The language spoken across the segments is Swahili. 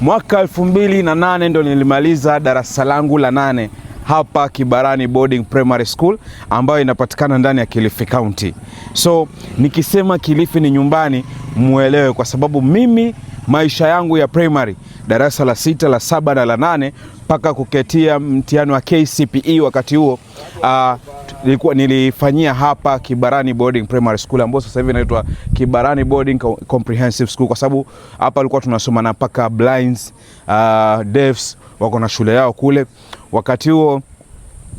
Mwaka elfu mbili na nane ndo nilimaliza darasa langu la nane hapa Kibarani Boarding Primary School ambayo inapatikana ndani ya Kilifi County. So nikisema Kilifi ni nyumbani, muelewe kwa sababu mimi maisha yangu ya primary darasa la sita, la saba na la nane mpaka kuketia mtihani wa KCPE wakati huo, uh, nilikuwa nilifanyia hapa Kibarani Boarding Primary School ambayo sasa hivi inaitwa Kibarani Boarding Comprehensive School, kwa sababu hapa alikuwa tunasoma na paka blinds, uh, deafs wako na shule yao kule. Wakati huo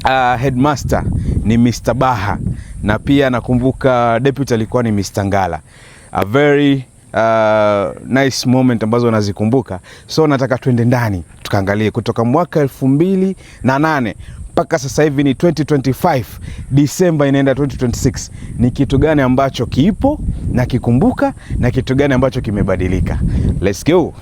uh, headmaster ni Mr. Baha na pia nakumbuka deputy alikuwa ni Mr. Ngala. A very Uh, nice moment ambazo nazikumbuka, so nataka tuende ndani tukaangalie kutoka mwaka elfu mbili na nane mpaka sasa hivi ni 2025 Disemba inaenda 2026, ni kitu gani ambacho kipo na kikumbuka na kitu gani ambacho kimebadilika? Let's go.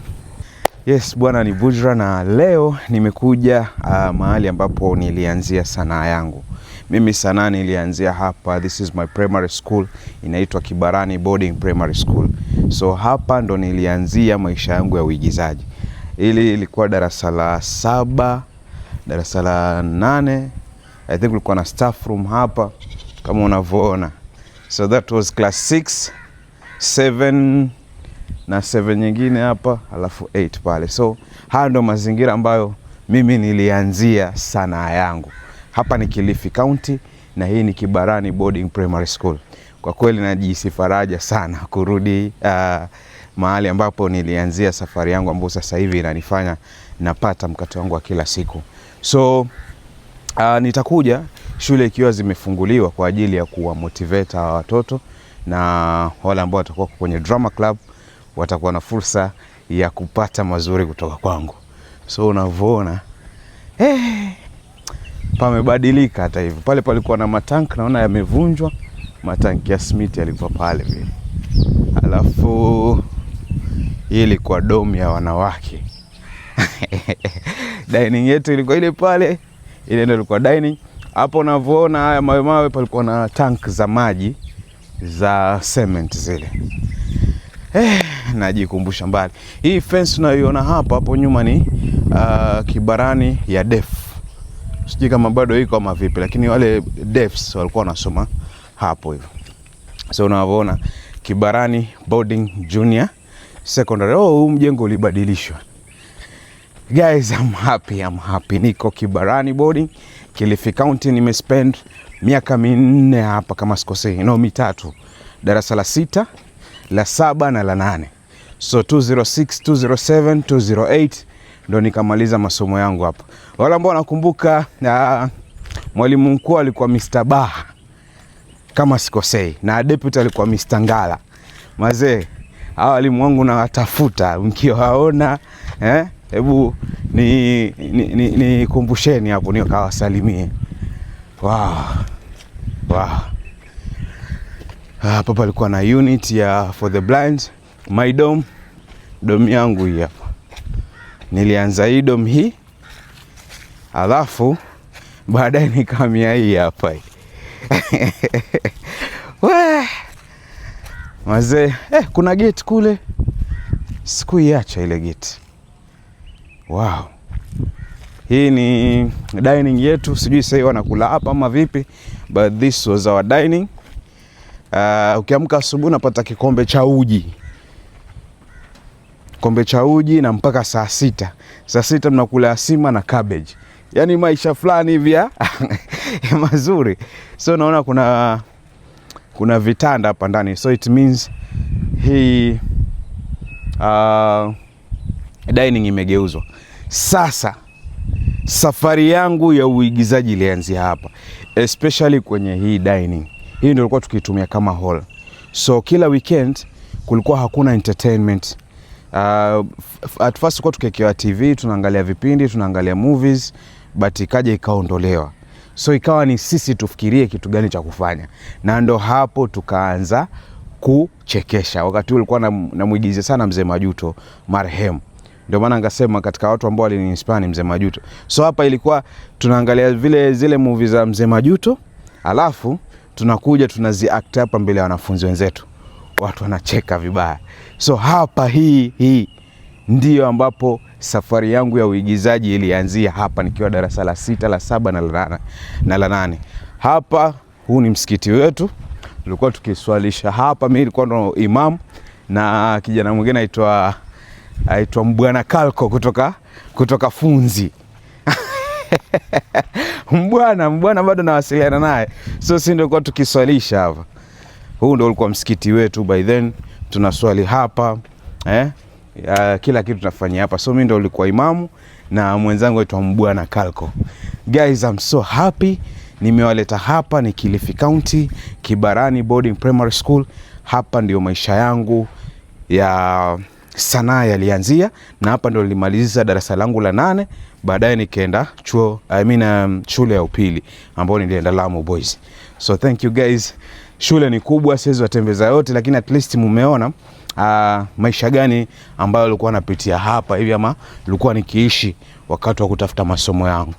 Yes bwana, ni Bujra na leo nimekuja uh, mahali ambapo nilianzia sanaa yangu. Mimi sanaa nilianzia hapa, this is my primary school, inaitwa Kibarani Boarding Primary School. So hapa ndo nilianzia maisha yangu ya uigizaji. Ili ilikuwa darasa la saba darasa la nane I think kulikuwa na staff room hapa kama unavyoona, so that was class 6 7 na 7 nyingine hapa alafu 8 pale. So haya ndio mazingira ambayo mimi nilianzia sanaa yangu. Hapa ni Kilifi County na hii ni Kibarani Boarding Primary School. Kwa kweli najisifaraja sana kurudi uh, mahali ambapo nilianzia safari yangu ambayo sasa hivi inanifanya napata mkate wangu wa kila siku. So uh, nitakuja shule ikiwa zimefunguliwa kwa ajili ya kuwa motivate wa watoto na wale ambao watakuwa kwenye drama club watakuwa na fursa ya kupata mazuri kutoka kwangu. So unavyoona eh, pamebadilika. Hata hivyo pale palikuwa na matank, naona yamevunjwa. Matanki ya Smith yalikuwa pale vile, alafu hii ilikuwa domu ya wanawake dining yetu ilikuwa ile pale, ile ndio ilikuwa dining. Hapo unavyoona haya mawe mawe, palikuwa na tank za maji za cement zile. Eh, najikumbusha mbali. Hii fence unayoiona hapa hapo nyuma ni uh, Kibarani ya Def, sijui kama bado iko ama vipi, lakini wale Defs walikuwa wanasoma hapo hivyo. So unavyoona Kibarani Boarding Junior secondary. Oh, huu mjengo ulibadilishwa. Guys, I'm happy, I'm happy. Niko Kibarani boarding Kilifi County, nimespend miaka minne hapa kama sikosei, no mitatu, darasa la sita la saba na la nane, so 206 207 208 ndo nikamaliza masomo yangu hapa. Wale ambao nakumbuka, mwalimu mkuu alikuwa Mr. Baha kama sikosei, na deputy alikuwa Mr. Ngala mazee hawa walimu wangu nawatafuta, mkiwaona eh, hebu eh, nikumbusheni ni, ni, ni hapo nikawasalimie. Wow. Wow. Hapa palikuwa na unit ya for the blind my dom dom yangu hii hapa, nilianza hii dom hii alafu baadaye nikamia hii hapa Wazee, eh, kuna geti kule, sikuiacha ile geti. Wow, hii ni dining yetu, sijui sasa wanakula hapa ama vipi, but this was our dining. Uh, ukiamka asubuhi unapata kikombe cha uji, kikombe cha uji na mpaka saa sita, saa sita mnakula asima na cabbage, yaani maisha fulani hivi ya ah. mazuri, so naona kuna kuna vitanda hapa ndani, so it means hii uh, dining imegeuzwa. Sasa safari yangu ya uigizaji ilianzia hapa, especially kwenye hii dining. Hii ndio tulikuwa tukitumia kama hall, so kila weekend kulikuwa hakuna entertainment Uh, at first kwa tukiwekewa TV tunaangalia vipindi tunaangalia movies, but ikaja ikaondolewa. So ikawa ni sisi tufikirie kitu gani cha kufanya, na ndo hapo tukaanza kuchekesha. Wakati huo ulikuwa namwigiza sana mzee Majuto marehemu, ndio maana ngasema katika watu ambao waliniinspire mzee Majuto. So hapa ilikuwa tunaangalia vile zile movie za mzee Majuto alafu tunakuja tunaziact hapa mbele ya wanafunzi wenzetu, watu wanacheka vibaya. So hapa hii hii ndiyo ambapo safari yangu ya uigizaji ilianzia hapa nikiwa darasa la sita, la saba na la nane. Hapa huu ni msikiti wetu, tulikuwa tukiswalisha hapa. Mimi nilikuwa ndo imam na kijana mwingine aitwa aitwa Mbwana Kalko kutoka, kutoka Funzi Mbwana Mbwana bado nawasiliana naye, so si ndio kwa tukiswalisha hapa. Huu ndio ulikuwa msikiti wetu by then, tunaswali hapa eh? uh, kila kitu tunafanya hapa. So mimi ndo nilikuwa imamu na mwenzangu aitwa Mbwana Kalko. Guys, I'm so happy nimewaleta hapa, ni Kilifi County Kibarani Boarding Primary School. Hapa ndio maisha yangu ya sanaa yalianzia, na hapa ndo nilimaliza darasa langu la nane. Baadaye nikaenda chuo I mean, um, shule ya upili ambayo nilienda Lamu Boys. So thank you guys. Shule ni kubwa, siwezi watembeza yote, lakini at least mumeona uh, maisha gani ambayo alikuwa anapitia hapa hivi ama nilikuwa nikiishi wakati wa kutafuta masomo yangu.